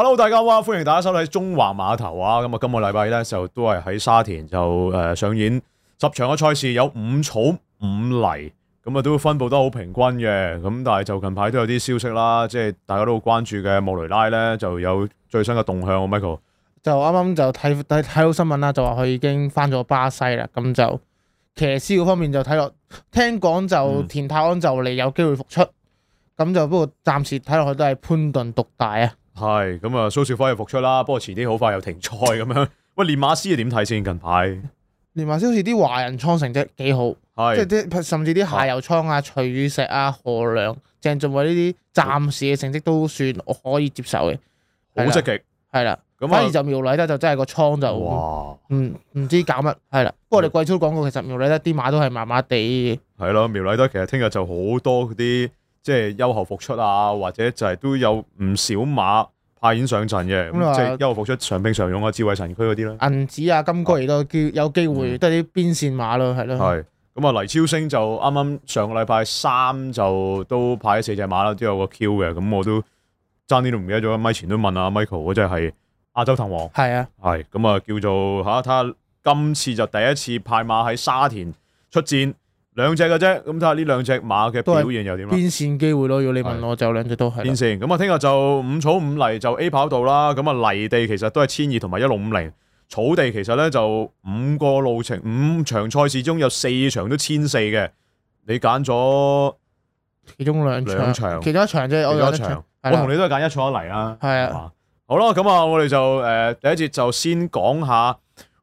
Hello，大家好啊！歡迎大家收睇中華碼頭啊。咁啊，今個禮拜咧就都係喺沙田就誒上演十場嘅賽事，有五草五泥咁啊，都分佈得好平均嘅。咁但係就近排都有啲消息啦，即係大家都好關注嘅莫雷拉咧就有最新嘅動向。Michael 就啱啱就睇睇睇到新聞啦，就話佢已經返咗巴西啦。咁就騎師嗰方面就睇落，聽講就田泰安就嚟有機會復出，咁、嗯、就不過暫時睇落去都係潘頓獨大啊。係咁啊，蘇小輝又復出啦，不過遲啲好快又停賽咁樣。喂，練馬師又點睇先？近排練馬師好似啲華人倉成績幾好，即係啲甚至啲下游倉啊、徐雨石啊、何良、鄭俊偉呢啲，暫時嘅成績都算我可以接受嘅，好積極。係啦，反而就苗禮德就真係個倉就哇，唔唔知搞乜。係啦，不過我哋季初講過，其實苗禮德啲馬都係麻麻地。係咯，苗禮德其實聽日就好多嗰啲。即係休後復出啊，或者就係都有唔少馬派演上陣嘅，咁即係休後復出常兵常用啊，上上智慧神駒嗰啲啦。銀子啊、金龜都叫有機會都係啲邊線馬咯，係咯、嗯。係咁啊，黎的超星就啱啱上個禮拜三就都派咗四隻馬啦，都有個 Q 嘅，咁我差都爭啲都唔記得咗，米前都問阿 Michael，我真係亞洲騰王。係啊的。係咁啊，叫做吓睇下今次就第一次派馬喺沙田出戰。兩隻嘅啫，咁睇下呢兩隻馬嘅表現又點？變線機會咯，如果你問我，就的兩隻都係變線。咁啊，聽日就五草五泥就 A 跑道啦。咁啊，泥地其實都係千二同埋一六五零，草地其實咧就五個路程五場賽事中有四場都千四嘅，你揀咗其中兩場，兩場其中一場即係我同你，都係揀一草一泥啦。係啊，好啦的，咁啊，的我哋就誒第一節就先講下。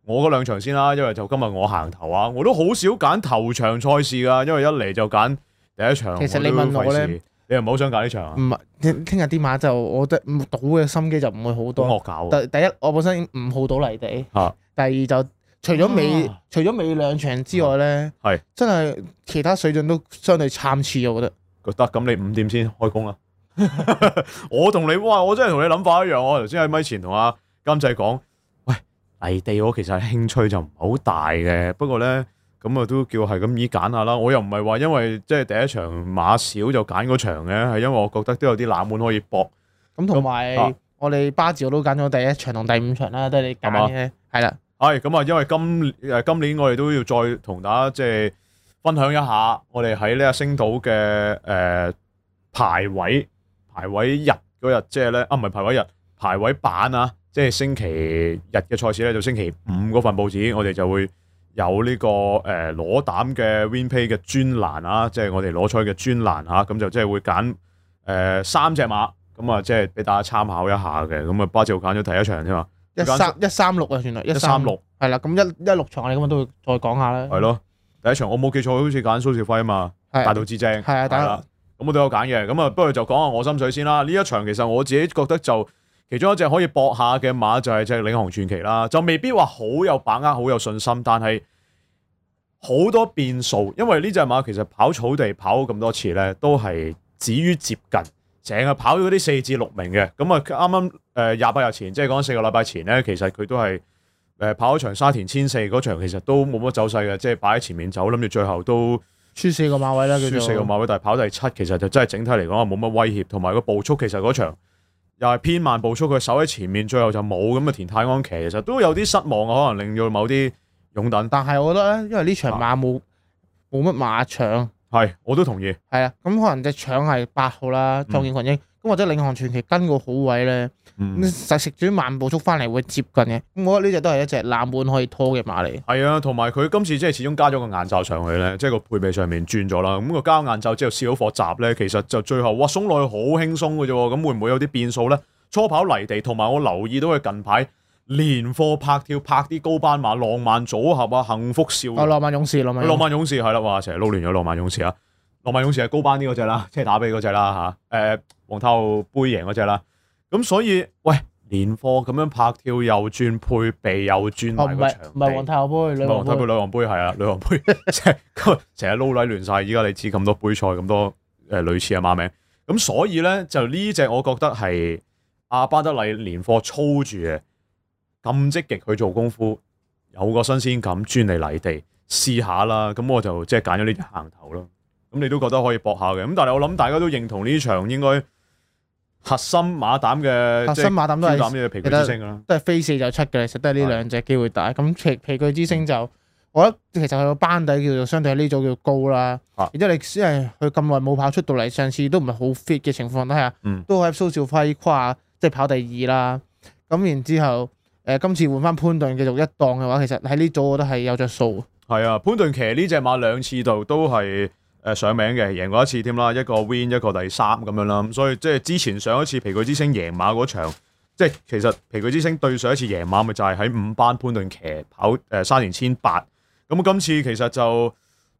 我嗰兩場先啦，因為就今日我行頭啊，我都好少揀頭場賽事㗎，因為一嚟就揀第一場，其實你問我咧，我我呢你又唔好想揀呢場啊。唔係聽日啲馬就，我覺得賭嘅心機就唔會好多。惡搞。第一，我本身五號賭嚟地。嚇、啊。第二就除咗尾，啊、除咗尾兩場之外咧。係、啊。啊、真係其他水準都相對參差，我覺得。得咁，你五點先開工啊。 我同你哇，我真係同你諗法一樣，我頭先喺咪前同阿監製講。泥地我其實興趣就唔係好大嘅，不過咧咁啊，都叫係咁易揀下啦。我又唔係話因為即係第一場馬少就揀嗰場嘅，係因為我覺得都有啲冷門可以搏。咁同埋我哋巴治都揀咗第一場同第五場啦，都係你揀嘅，係啦吧。係咁啊，因為今誒今年我哋都要再同大家即係分享一下，我哋喺呢個星島嘅，誒、呃、排位排位日嗰日，即係咧啊唔係排位日。排位版啊，即係星期日嘅賽事咧，就星期五嗰份報紙，我哋就會有呢、呢個誒攞、呃、膽嘅 winpay 嘅專欄啊，即係我哋攞彩嘅專欄嚇、啊，咁就即係會揀誒、呃、三隻馬，咁啊即係俾大家參考一下嘅，咁、嗯、啊巴照浩揀咗第一場啫嘛，一三一三六啊算啦，一三六係啦，咁一一六場我哋今日都會再講下啦，係咯，第一場我冇記錯好似揀蘇兆輝啊嘛，啊大道之精係啊，啦，大家，咁我都有揀嘅，咁啊不過就講下我心水先啦，呢一場其實我自己覺得就，其中一隻可以搏下嘅馬就係隻領航傳祺啦，就未必話好有把握、好有信心，但係好多變數，因為呢隻馬其實跑草地跑咁多次咧，都係止於接近，成日跑咗啲四至六名嘅。咁、嗯、啊，啱啱誒廿八日前，即係講四個禮拜前咧，其實佢都係誒跑咗場沙田千四嗰場，其實都冇乜走勢嘅，即係擺喺前面走，諗住最後都輸四個馬位啦，輸四個馬位，但係跑第七其實就真係整體嚟講冇乜威脅，同埋個步速其實嗰場。又係偏慢步速，佢守喺前面，最後就冇咁嘅田泰安騎，其實都有啲失望啊，可能令到某啲擁躉。但係我覺得咧，因為呢場馬冇冇乜馬搶，係我都同意。係啊，咁可能隻搶係八號啦，壯健群英。嗯或者領航傳祺跟個好位咧，實、嗯、食住慢步速翻嚟會接近嘅。我覺得呢隻都係一隻冷門可以拖嘅馬嚟。係啊，同埋佢今次即係始終加咗個眼罩上去咧，即係個配備上面轉咗啦。咁佢加咗眼罩之後試好火閘咧，其實就最後哇鬆落去好輕鬆嘅啫。咁會唔會有啲變數咧？初跑泥地同埋我留意到佢近排連貨拍跳拍啲高班馬浪漫組合啊，幸福少啊，浪漫、啊、勇士，浪漫勇士係啦，哇成日撈亂咗浪漫勇士，勇士啊！浪漫勇士係高班啲嗰隻啦，即係打比嗰隻啦嚇誒。皇太后杯贏嗰隻啦，咁所以喂，聯科咁樣拍跳又轉配備又轉埋個場地，唔係皇太后杯，女王杯，王太女王杯係啊，女王杯即係成日撈禮亂晒，依家 你知咁多杯賽咁多誒、呃、類似嘅馬名，咁所以咧就呢隻我覺得係阿巴德利聯科操住嘅咁積極去做功夫，有個新鮮感，轉嚟泥地試下啦，咁我就即係揀咗呢隻行頭咯，咁你都覺得可以搏下嘅，咁但係我諗大家都認同呢場應該。 核心馬膽嘅，是核心馬膽都係，膽嘅皮具之星啦都係飛四就出嘅，其實都係呢兩隻機會大。咁是的 皮皮具之星就，嗯、我覺得其實佢個班底叫做相對喺呢組叫做高啦。然之後你因為佢咁耐冇跑出到嚟，上次都唔係好 fit 嘅情況底下，都喺蘇兆輝跨即係、就是、跑第二啦。咁然後之後，誒、呃、今次換翻潘頓繼續一檔嘅話，其實喺呢組我都係有着數。係啊，潘頓騎呢隻馬兩次度都係。都誒上名嘅，贏過一次添啦，一個 Win 一個第三咁樣啦，咁所以即係之前上一次皮具之星贏馬嗰場，即係其實皮具之星對上一次贏馬咪就係喺五班潘頓騎跑誒三年千八，咁今次其實就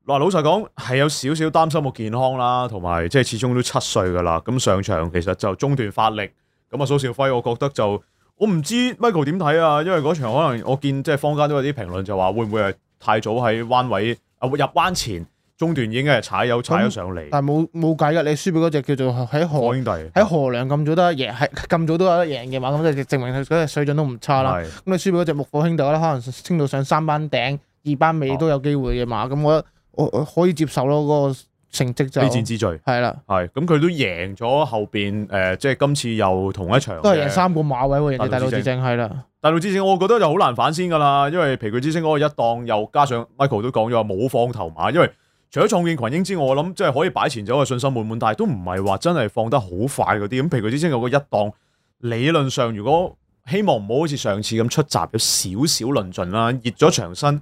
嗱老實講係有少少擔心個健康啦，同埋即係始終都七歲噶啦，咁上場其實就中斷發力，咁啊蘇兆輝，我覺得就我唔知 Michael 點睇啊，因為嗰場可能我見即係坊間都有啲評論就話會唔會係太早喺彎位啊入彎前。中段已經係踩油踩咗上嚟，但係冇冇計噶，你輸俾嗰隻叫做喺河，木火兄弟喺河梁咁早都贏，係咁早都得贏嘅話，咁就證明佢嗰隻水準都唔差啦。咁的你輸俾嗰隻木火兄弟咧，可能升到上三班頂二班尾都有機會嘅嘛。咁的我覺得我可以接受咯，嗰、那個成績就非戰之罪係啦。係咁的，佢都、嗯、贏咗後邊誒、呃，即係今次又同一場都係贏三個馬位喎。人哋大佬之正係啦，星的大佬之正，我覺得就好難反先噶啦，因為皮具之星嗰個一檔又加上 Michael 都講咗話冇放頭馬，因為。除咗創建群英之外，我諗即係可以擺前走嘅信心滿滿，但係都唔係話真係放得好快嗰啲。咁皮具之星有個一檔，理論上如果希望唔好好似上次咁出閘咗少少論盡啦，熱咗長身，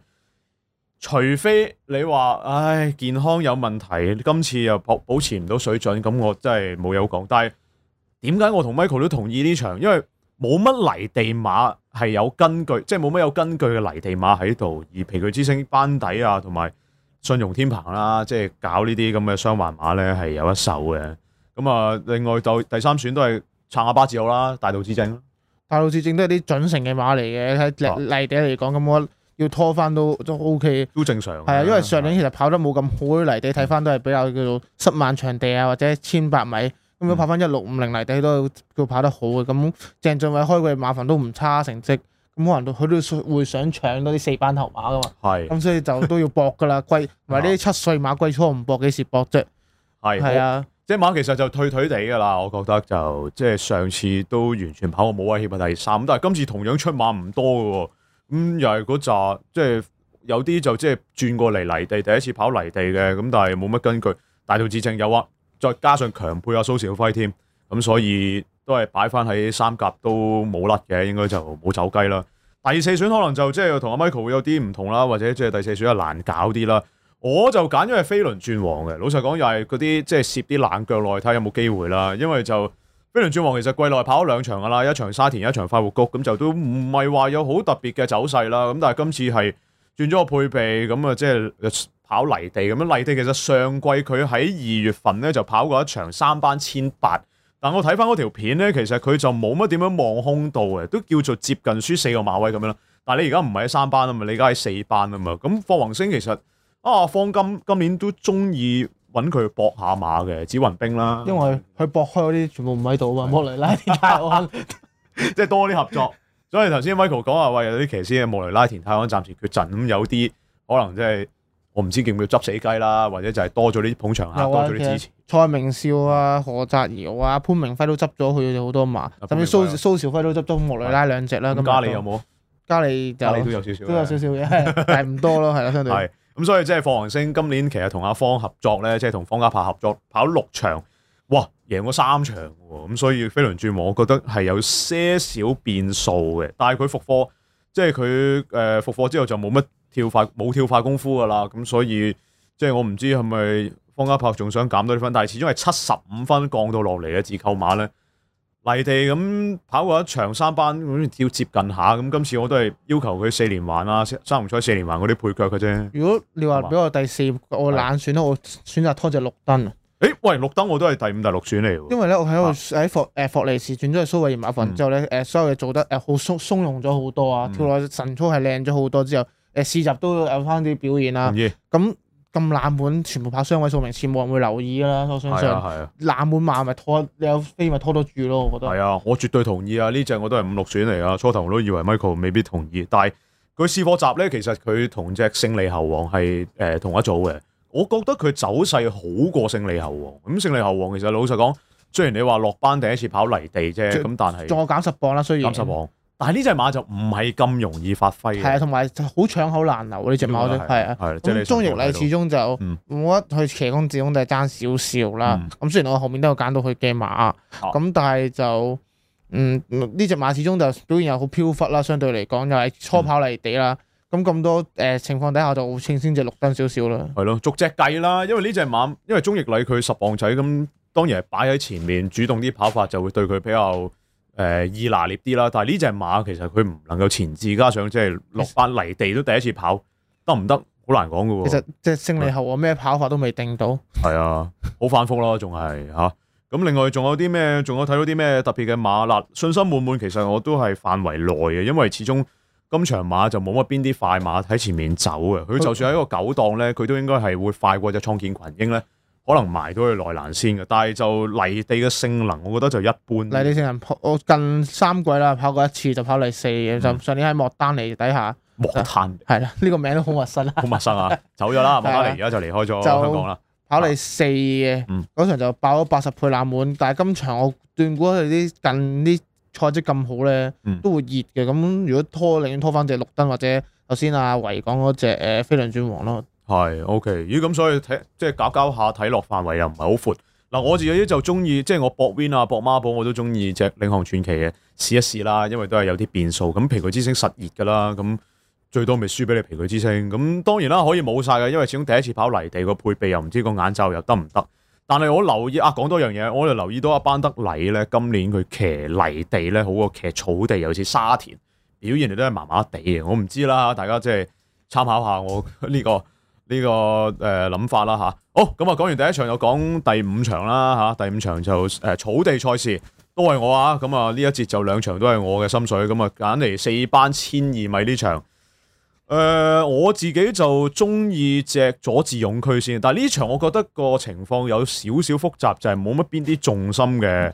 除非你話唉健康有問題，今次又保保持唔到水準，咁我真係冇嘢講。但係點解我同 Michael 都同意呢場？因為冇乜泥地馬係有根據，即係冇乜有根據嘅泥地馬喺度，而皮具之星班底啊，同埋。信融天鵬啦，即係搞呢啲咁嘅雙環馬咧係有一手嘅。咁啊，另外就第三選都係撐下八字友啦，大道之正。大道之正都係啲準成嘅馬嚟嘅。喺、啊、泥地嚟講，咁我要拖翻都都 O K。都正常。係啊，因為上年其實跑得冇咁好。吧泥地睇翻都係比較叫做濕慢場地啊，或者千百米咁、嗯、樣跑翻一六五零泥地都都跑得好嘅。咁、嗯嗯、鄭俊偉開嘅馬房都唔差成績差。成績咁可能佢都想會想搶嗰啲四班頭馬噶嘛，咁是所以就都要搏噶啦， 貴同埋啲七歲馬貴初，初唔搏幾時搏啫？係是啊，隻馬其實就退退地噶啦，我覺得就即係上次都完全跑過冇威脅嘅第三，但係今次同樣出馬唔多嘅喎，咁又係嗰扎即係有啲就即係轉過嚟泥地，第一次跑泥地嘅，咁但係冇乜根據，大道志正有啊，再加上強配阿蘇小輝添，咁所以。都係擺翻喺三甲都冇甩嘅，應該就冇走雞啦。第四選可能就即係同阿 Michael 會有啲唔同啦，或者即係第四選係難搞啲啦。我就揀咗係飛輪轉王嘅，老實講又係嗰啲即係攝啲冷腳落去睇有冇機會啦。因為就飛輪轉王其實季內跑咗兩場噶啦，一場沙田，一場快活谷，咁就都唔係話有好特別嘅走勢啦。咁但係今次係轉咗個配備，咁啊即係跑泥地咁樣。泥地其實上季佢喺二月份咧就跑過一場三班千八。但我睇翻嗰條片咧，其實佢就冇乜點樣望空度嘅，都叫做接近輸四個馬位咁樣啦。但係你而家唔係喺三班啊嘛，你而家喺四班啊嘛。咁霍宏星其實啊，霍金今年都中意揾佢搏下馬嘅，紫雲兵啦。因為佢搏開嗰啲全部唔喺度啊嘛，莫是的 雷拉田泰安，即係多啲合作。所以頭先 Michael 講話喂，有啲騎師啊，莫雷拉田泰安暫時缺陣，咁有啲可能即係。我唔知叫唔叫執死雞啦，或者就係多咗啲捧場客，的多咗啲支持。蔡明紹啊、何澤堯啊、潘明輝都執咗佢好多馬，輝，甚至蘇蘇兆輝都執咗莫雷拉兩隻啦。咁的今天 加利有冇？加利就加都有少少，都有少少嘅，的的但係唔多咯，係啦，相對係。咁所以即係霍雲星今年其實同阿方合作咧，即係同方嘉柏合作，跑六場，哇，贏咗三場嘅，咁所以飛輪轉網我覺得係有些少變數嘅。但係佢復課，即係佢誒復課之後就冇乜。跳快冇跳快功夫噶啦，咁所以即係我唔知係咪方嘉柏仲想減多啲分，但係始終係七十五分降到落嚟嘅自扣碼咧，泥地咁跑過一場三班，好似要接近下。咁今次我都係要求佢四連環啦，三重彩四連環嗰啲配腳嘅啫。如果你話俾我第四，吧我懶選啦，是我選擇拖隻綠燈。誒、欸，喂，綠燈我都係第五、第六選嚟。因為咧，我喺度喺霍誒霍利時轉咗去蘇偉賢馬房之後咧，誒、嗯、所有嘢做得誒好鬆鬆容咗好多啊，跳落神操係靚咗好多之後。嗯誒試集都有翻啲表現啦，咁咁意冷門全部拍雙位數名次，冇人會留意㗎啦。我相信、啊啊、冷門馬咪拖，你有飛咪拖得住咯。我覺得係啊，我絕對同意啊。呢隻我都係五六選嚟啊。初頭我都以為 Michael 未必同意，但係佢試課集咧，其實佢同隻勝利猴王係誒、呃、同一組嘅。我覺得佢走勢好過勝利猴王。咁勝利猴王其實老實講，雖然你話落班第一次跑泥地啫，咁但係仲有減十磅啦，雖然減十磅。但係呢隻馬就唔係咁容易發揮嘅，係啊，同埋好搶口難留呢隻馬，係啊的，咁鍾逸禮始終就冇得、嗯嗯、去騎功，始終都係爭少少啦。咁、嗯、雖然我後面都有揀到佢嘅馬，咁、啊、但係就嗯呢隻、嗯、馬始終就表現又好飄忽啦。相對嚟講又係初跑嚟地啦。咁咁、嗯、多誒、呃、情況底下就清先隻綠燈少少啦。係咯，逐隻計啦，因為呢隻馬因為鍾逸禮佢十磅仔，咁當然係擺喺前面主動啲跑法就會對佢比較。誒、呃、易拿捏啲啦，但係呢隻馬其實佢唔能夠前置，加上即係落翻泥地都第一次跑，得唔得？好難講噶喎。其實即係勝利後，我咩跑法都未定到。係 啊，好反覆咯，仲係嚇。咁另外仲有啲咩？仲有睇到啲咩特別嘅馬啦？信心滿滿，其實我都係範圍內嘅，因為始終今場馬就冇乜邊啲快馬喺前面走嘅。佢就算係一個九檔咧，佢都應該係會快過隻創建群英咧，可能埋到去內欄先嘅，但係就泥地嘅性能，我覺得就一般。泥地性能，我近三季啦，跑過一次就跑嚟四嘅，嗯、就上年喺莫丹尼底下。莫丹係啦，呢、呢個名都好陌,陌生啊。好陌生啊，走咗啦，莫丹尼而家就離開咗香港啦。跑嚟四嘅，嗰、啊、場就爆咗八十倍冷門，但係今場我斷估佢啲近啲賽績咁好咧，嗯、都會熱嘅。咁如果拖，寧願拖翻隻綠燈或者頭先阿維港嗰隻誒飛輪轉王咯。係，OK，咦，咁所以睇即係搞搞下睇落範圍又唔係好闊。嗱，我自己就中意，即係我博 Win 啊，博孖寶我都中意隻領航傳祺嘅，試一試啦，因為都係有啲變數。咁皮具之星實熱噶啦，咁最多咪輸俾你皮具之星。咁當然啦，可以冇晒噶，因為始終第一次跑泥地個配備又唔知個眼罩又得唔得。但係我留意啊，講多樣嘢，我就留意到阿班德禮咧，今年佢騎泥地咧好過騎草地，尤其是沙田，表現亦都係麻麻地嘅，我唔知啦，大家即係參考下我呢個。呢、這個誒諗、呃、法啦吓，好咁啊！講、嗯、完第一場，又講第五場啦吓、啊，第五場就誒、呃、草地賽事都係我啊！咁啊呢一節就兩場都係我嘅心水，咁啊揀嚟四班千二米呢場誒、呃，我自己就中意隻佐治勇駒先，但係呢場我覺得個情況有少少複雜，就係冇乜邊啲重心嘅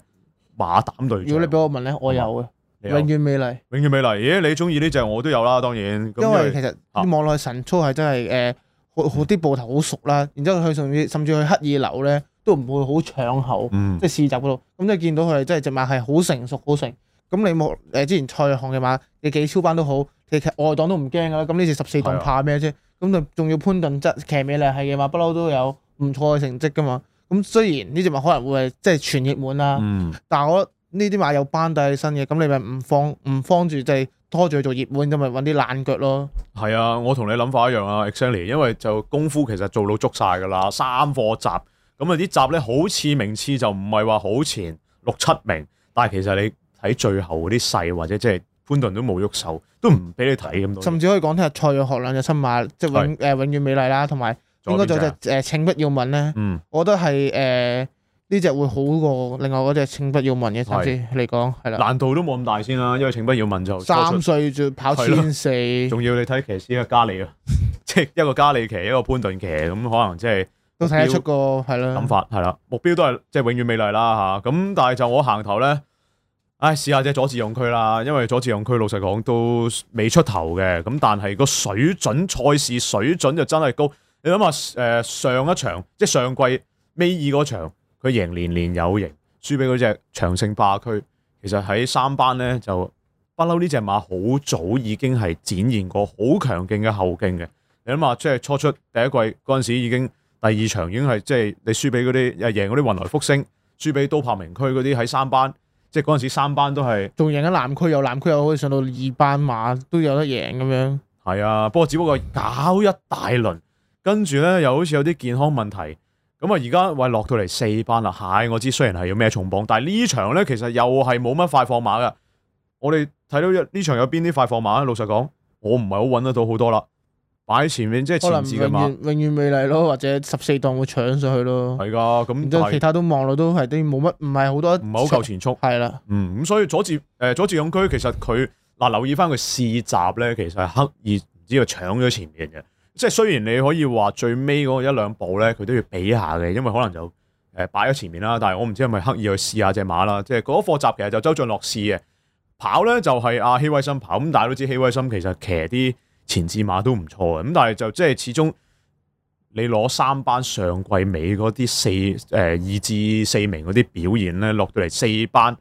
馬膽對。如果你俾我問咧，我有嘅永遠美麗，永遠美麗。咦、嗯，你中意呢隻我都有啦，當然。因為其實望落、啊、神操係真係誒。呃好好啲波頭好熟啦，然之後佢甚至甚至佢黑夜流咧都唔會好搶口，即係試集嗰度，咁你係見到佢係即係隻馬係好成熟好成，咁你冇誒之前賽項嘅馬，你幾超班都好，你其實外檔都唔驚噶啦，咁呢次十四檔怕咩啫？咁仲仲要潘頓質騎咩嚟喺嘅馬不嬲都有唔錯嘅成績噶嘛，咁雖然呢隻馬可能會係即係全熱門啦，但係我覺得呢啲馬有班底起身嘅，咁你咪唔放唔放住就係、是。拖住去做熱門，咁咪揾啲冷腳咯。係啊，我同你諗法一樣啊，Xenia。Exactly, 因為就功夫其實做到足晒噶啦，三課集咁啊啲集咧，好似名次就唔係話好前，六七名，但係其實你睇最後嗰啲勢，或者即係潘頓都冇喐手，都唔俾你睇咁多。甚至可以講聽下蔡玉學兩隻新馬，即係永誒是、呃、永遠美麗啦，同埋應該再隻誒、呃、請不要問咧。嗯，我覺得係誒。呃呢隻會好過另外嗰隻請不要問嘅投資嚟講，係啦。難度都冇咁大先啦，因為請不要問就三歲就跑千四。仲要你睇騎師啊，加利啊，即係一個加利騎，一個潘頓騎。咁可能即係都睇得出個係啦。諗法係啦，目標都係即係永遠美麗啦嚇。咁但係就我行頭咧，唉試下隻左志用區啦，因為左志用區老實講都未出頭嘅，咁但係個水準賽事水準就真係高。你諗下，誒上一場即係上季尾二嗰場。佢贏年年有型，輸俾嗰隻長勝霸區。其實喺三班咧，就不嬲呢隻馬好早已經係展現過好強勁嘅後勁嘅。你諗下，即係初出第一季嗰陣時，已經第二場已經係即係你輸俾嗰啲誒贏嗰啲雲來福星，輸俾都柏名區嗰啲喺三班，即係嗰陣時三班都係。仲贏緊南區，有南區又可以上到二班馬都有得贏咁樣。係啊，不過只不過搞一大輪，跟住咧又好似有啲健康問題。咁啊，而家喂落到嚟四班啦，係、哎、我知。雖然係有咩重磅，但係呢場咧，其實又係冇乜快放馬嘅。我哋睇到呢場有邊啲快放馬？老實講，我唔係好揾得到好多啦。擺喺前面即係、就是、前置嘅馬，永遠未嚟咯，或者十四檔會搶上去咯。係噶，咁其他都望落都係啲冇乜，唔係好多，唔係好夠前速。係啦的，嗯，咁所以左志誒左志勇駒其實佢嗱、呃、留意翻佢試閘咧，其實係刻意唔知佢搶咗前面嘅。即係雖然你可以話最尾嗰一兩步咧，佢都要俾下嘅，因為可能就誒、呃、擺喺前面啦。但係我唔知係咪刻意去試下隻馬啦。即係嗰個課其實就周俊樂試嘅跑咧、啊，就係阿希威森跑。咁、嗯、大家都知希威森其實騎啲前置馬都唔錯嘅。咁、嗯、但係就即係始終你攞三班上季尾嗰啲四誒、呃、二至四名嗰啲表現咧，落到嚟四班。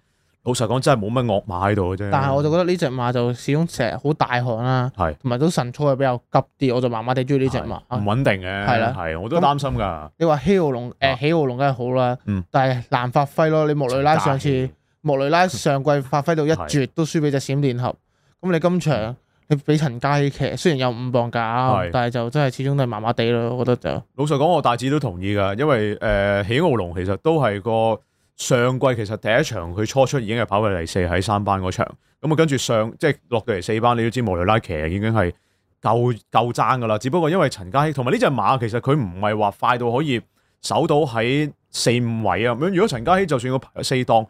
老實講真係冇乜惡馬喺度嘅啫，但係我就覺得呢隻馬就始終成日好大汗啦，係同埋都神速係比較急啲，我就麻麻地中意呢隻馬，唔穩定嘅係啦，係我都擔心噶。嗯、你話希奧龍誒，希奧龍梗係好啦、啊，嗯、但係難發揮咯。你莫雷拉上次莫雷拉上季發揮到一絕都輸俾隻閃電俠，咁你今場你俾陳嘉熙騎，雖然有五磅假、啊，是 但係就真係始終都係麻麻地咯。我覺得就老實講，我大致都同意噶，因為誒希奧龍其實都係個。上季其實第一場佢初出已經係跑過第四，喺三班嗰場。咁啊跟住上即係落到嚟四班，你都知莫雷拉騎已經係夠夠爭噶啦。只不過因為陳嘉熙同埋呢隻馬其實佢唔係話快到可以守到喺四五位啊咁樣。如果陳嘉熙就算佢四檔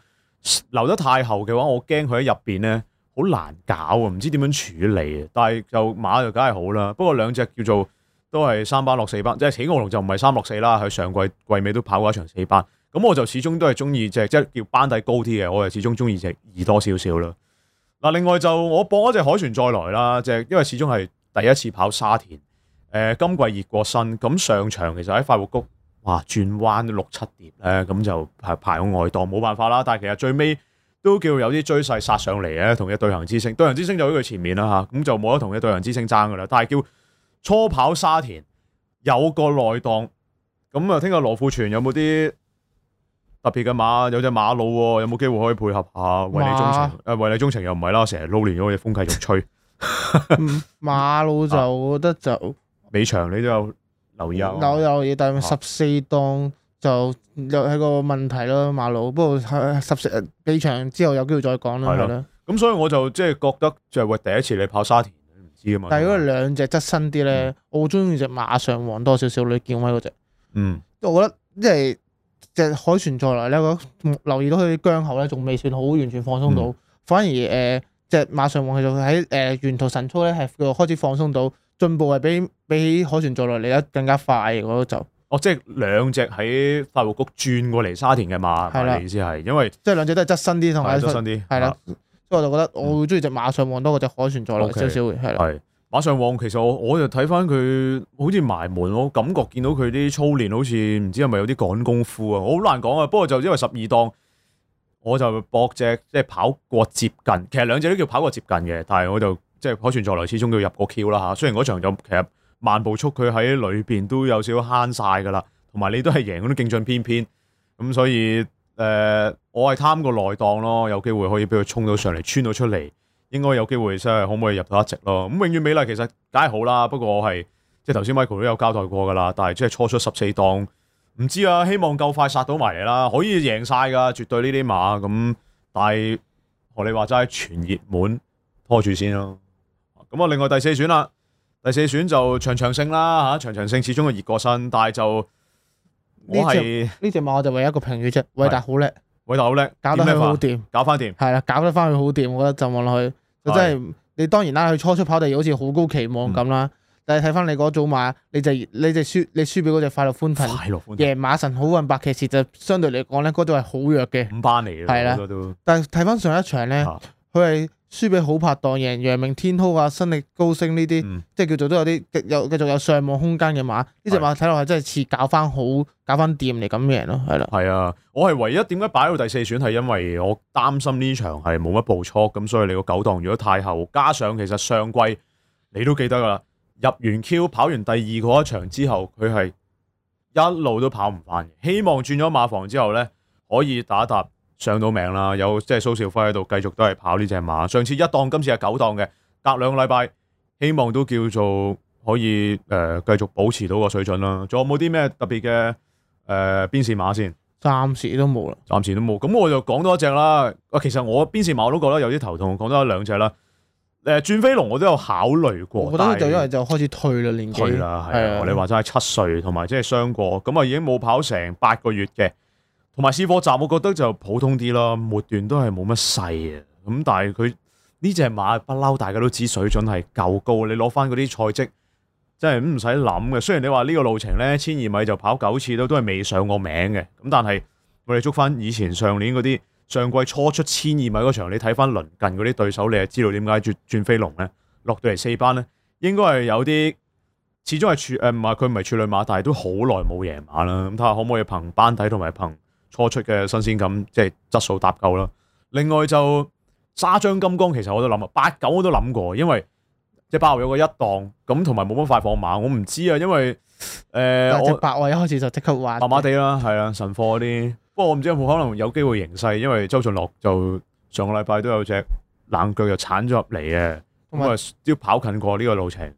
留得太後嘅話，我驚佢喺入邊咧好難搞啊，唔知點樣處理啊。但係就馬就梗係好啦。不過兩隻叫做都係三班落四班，即係起傲龍就唔係三落四啦。佢上季季尾都跑過一場四班。咁我就始終都係中意即係即係叫班底高啲嘅，我就始終中意隻二多少少啦。嗱，另外就我播一隻海豚再來啦，即係因為始終係第一次跑沙田，誒、呃、今季熱過身。咁上場其實喺快活谷哇轉彎六七碟咧，咁就排排個外檔冇辦法啦。但係其實最尾都叫有啲追勢殺上嚟咧，同一對行之星對行之星就喺佢前面啦嚇，咁、啊、就冇得同一對行之星爭噶啦。但係叫初跑沙田有個內檔，咁啊聽下羅富全有冇啲？特別嘅馬有隻馬老，有冇機會可以配合下情？為你鍾情，誒、呃，為你鍾情又唔係啦，成日撈亂咗隻風繼續吹。 馬老就、啊、我覺得就尾場你都有留意油，有嘢，啊、但係十四檔就又係、就是、個問題咯，馬老。不過十四誒幾場，之後有機會再講啦，係咯。咁所以我就即係覺得就係第一次你跑沙田唔知啊嘛。但係如果兩隻側身啲咧，嗯、我中意隻馬上皇多少少，呂健威嗰隻。嗯，我覺得即、就、係、是。隻海船再來咧，我留意到佢啲韁口咧，仲未算好完全放鬆到，反而誒，隻馬上望就喺誒沿途神操咧，係佢開始放鬆到，進步係比比海船再來嚟得更加快，我覺得就。哦，即係兩隻喺快活谷轉過嚟沙田嘅馬，係啦，意思係，因為即係兩隻都係側身啲同埋側身啲，係啦，所以我就覺得我會中意隻馬上望多過隻海船再來少少嘅，係啦。馬上望，其實我我就睇翻，佢好似埋門咯，我感覺見到佢啲操練好似唔知係咪有啲趕功夫啊，我好難講啊。不過就因為十二檔，我就搏隻即係跑過接近，其實兩隻都叫跑過接近嘅。但係我就即係可算在來，始終都要入個 Q 啦吓。雖然嗰場就其實慢步速，佢喺裏邊都有少少慳晒噶啦，同埋你都係贏嗰啲勁進偏偏咁，所以誒、呃、我係貪個內檔咯，有機會可以俾佢衝到上嚟穿到出嚟。應該有機會即係可唔可以入到一席咯？咁永遠美麗其實梗係好啦，不過我係即係頭先 Michael 都有交代過噶啦。但係即係初出十四檔，唔知啊，希望夠快殺到埋嚟啦，可以贏晒噶，絕對呢啲馬咁、嗯。但係學你話齋全熱門拖住先咯。咁、嗯、啊，另外第四選啦，第四選就長長勝啦嚇、啊，長長勝始終係熱過身，但係就我係呢隻，隻馬我就唯一一個評語啫，喂，的但好叻。好叻，搞得你好掂，搞翻掂，係啦，搞得翻去好掂，的我覺得就望落去就真係的你當然啦，佢初出跑地好似好高期望咁啦，的但係睇翻你嗰組馬，你就你就輸，你輸俾嗰隻快樂歡騰、夜馬神、好運白騎士就相對嚟講咧，嗰組係好弱嘅，五班嚟嘅，係啦的，但係睇翻上一場咧，佢、啊。輸俾好拍檔贏，陽明天鶴啊、新力高升呢啲，嗯、即係叫做都有啲有繼續有上望空間嘅馬，呢、嗯、隻馬睇落去真係似搞翻好，搞翻掂嚟咁贏咯，係啦。係啊，我係唯一點解擺到第四選係因為我擔心呢場係冇乜步速咁，所以你個九檔如果太後，加上其實上季你都記得噶啦，入完 Q 跑完第二嗰一場之後，佢係一路都跑唔翻，希望轉咗馬房之後咧，可以打搭。上到名啦，有即係蘇兆輝喺度，繼續都係跑呢隻馬。上次一檔，今次係九檔嘅，隔兩個禮拜，希望都叫做可以誒繼續保持到個水準啦。仲有冇啲咩特別嘅誒邊線馬先？暫時都冇啦。暫時都冇，咁我就講多一隻啦。啊，其實我邊線馬我都覺得有啲頭痛，講多兩隻啦。誒、呃，轉飛龍我都有考慮過，我覺得但係就因為就開始退啦，年紀。退啦，係啊！你話齋七歲，同埋即係傷過，咁啊已經冇跑成八個月嘅。同埋試火集，我覺得就普通啲咯，末段都係冇乜勢啊。咁但係佢呢隻馬不嬲，大家都知水準係夠高。你攞翻嗰啲賽績，真係唔使諗嘅。雖然你話呢個路程咧千二米就跑九次都都係未上過名嘅，咁但係我哋捉翻以前上年嗰啲上季初出千二米嗰場，你睇翻鄰近嗰啲對手，你就知道點解轉轉飛龍咧落到嚟四班咧，應該係有啲始終係處誒唔係佢唔係處女馬，但係都好耐冇贏馬啦。咁睇下可唔可以憑班底同埋憑。初出嘅新鮮感，即係質素搭夠啦。另外就沙張金剛，其實我都諗啊，八九我都諗過，因為即係包括有個一檔，咁同埋冇乜快放馬，我唔知啊。因為誒我八位一開始就即刻玩，麻麻地啦，係啊，神貨嗰啲。不過我唔知有冇可能有機會形勢，因為周俊樂就上個禮拜都有隻冷腳又鏟咗入嚟嘅，咁啊只要跑近過呢個路程。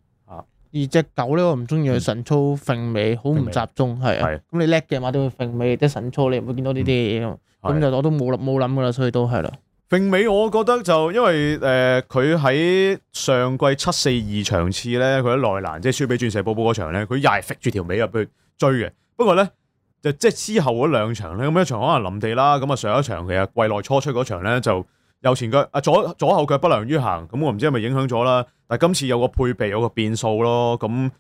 而隻狗咧，我唔中意佢神操。甩尾，好唔集中，係啊。咁你叻嘅馬點會甩尾，即係神操，你唔會見到呢啲嘢嘅。咁就、嗯、我都冇冇諗噶啦，所以都係啦。甩尾，我覺得就因為誒佢喺上季七四二場次咧，佢喺內欄即係輸俾鑽石寶寶嗰場咧，佢又係揈住條尾入去追嘅。不過咧，就即、是、係之後嗰兩場咧，咁一場可能臨地啦，咁啊上一場其實季內初出嗰場咧就。右前腳啊，左左後腳不良於行，咁我唔知係咪影響咗啦。但今次有個配備有個變數咯，咁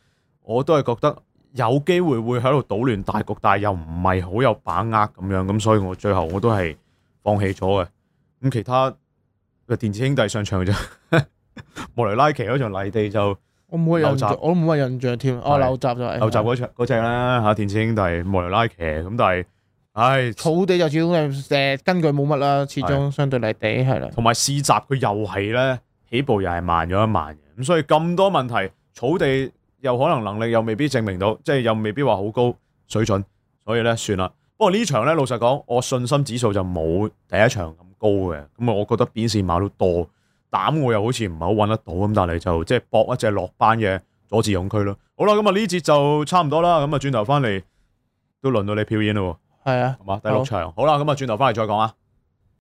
我都係覺得有機會會喺度搗亂大局，但又唔係好有把握咁樣，咁所以我最後我都係放棄咗嘅。咁其他嘅電子兄弟上場就莫雷拉奇嗰場泥地就我冇乜印象，我冇乜印象添。啊，流閘就係流閘嗰場嗰隻啦嚇，電子兄弟莫雷拉奇咁，但係。唉，哎、草地就始終誒，根據冇乜啦，始終相對嚟地係啦。同埋的的試閘佢又係咧，起步又係慢咗一慢嘅，咁所以咁多問題，草地又可能能力又未必證明到，即係又未必話好高水準，所以咧算啦。不過場呢場咧老實講，我信心指數就冇第一場咁高嘅，咁啊我覺得扁綫馬都多膽我又好似唔係好揾得到咁，但係就即係搏一隻落班嘅阻止勇區咯。好啦，咁啊呢節就差唔多啦，咁啊轉頭翻嚟都輪到你表演啦。係啊，第六場好啦吧，咁啊轉頭返嚟再講啊。